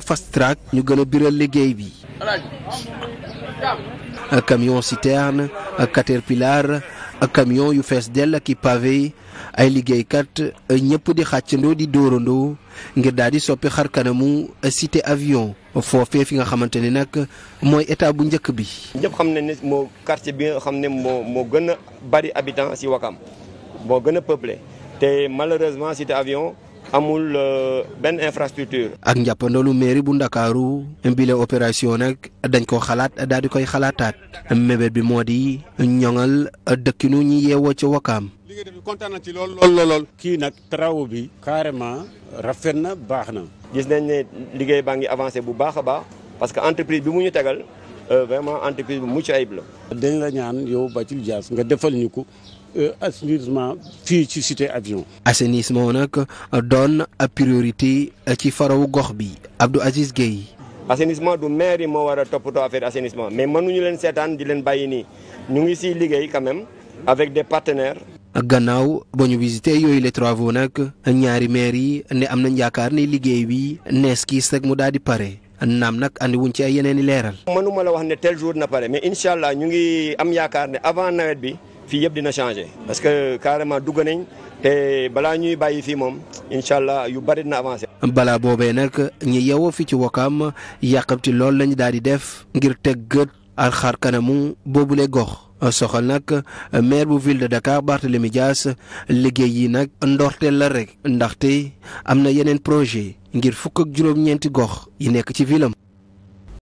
fast track ñu gën a biral liggéey bi camion citerne caterpillar camion yu fees dell ak i pavé ay liggéeykat ñëpp di xàccandoo di dóorandoo ngir dal di soppi xar kanamu cité avion foofee fi nga xamante ni nag mooy état bu njëkk bi. ñëpp xam ne moo quartier xam ne moo moo gën bari habitant ci Wakam moo gën a te malheureusement cité avion. amul euh, benn infrastructure. ak njàppandalu mairie bu ndakaaru bile opération nag dañ ko xalaat daal di koy xalaataat mébét bi moo di ñoŋal dëkkinu ñu yeewoo ca Wakaam. kontaan na ci lool lool lool. kii nag travaux bi. carrément rafet na baax na. gis nañ ne liggéey baa ngi avancer bu baax a baax parce que entreprise bi mu ñu tegal euh, vraiment entreprise bu mucc ayib la. dañ la ñaan yow Bathily Dias nga defal ñu ko. Euh, assainissement fii ci cité avion. assainissement nag doon priorité ci farawu gox bi Abdou Aziz Guèye. assainissement du maire yi moo war a toppatoo affaire assainissement mais ñu leen seetaan di leen bàyyi nii ñu ngi si liggéey quand même avec des partenaires. gannaaw ba ñu visité yooyu les travaux nag ñaari maire yi ne am nañ yaakaar ne liggéey bi nees kii rek mu daal di pare. naam nag andi wuñ ci ay yeneen i leeral. mënuma la wax ne tel jour na pare mais incha ñu ngi nawet bi. fii yëpp dina changé parce que carrément dugg nañ te balaa ñuy bàyyi fii moom incha allah yu bari dina avancé. balaa boobee nag ñi yeewoo fi ci Wakaam yàqamti loolu lañu daal di def ngir teg gët ak xar kanamu boobule gox soxal nag maire bu ville de Dakar Barthélémy Dias liggéey yi nag ndorteel la rek ndaxte am na yeneen projet ngir fukk ak juróom-ñeenti gox yi nekk ci ville am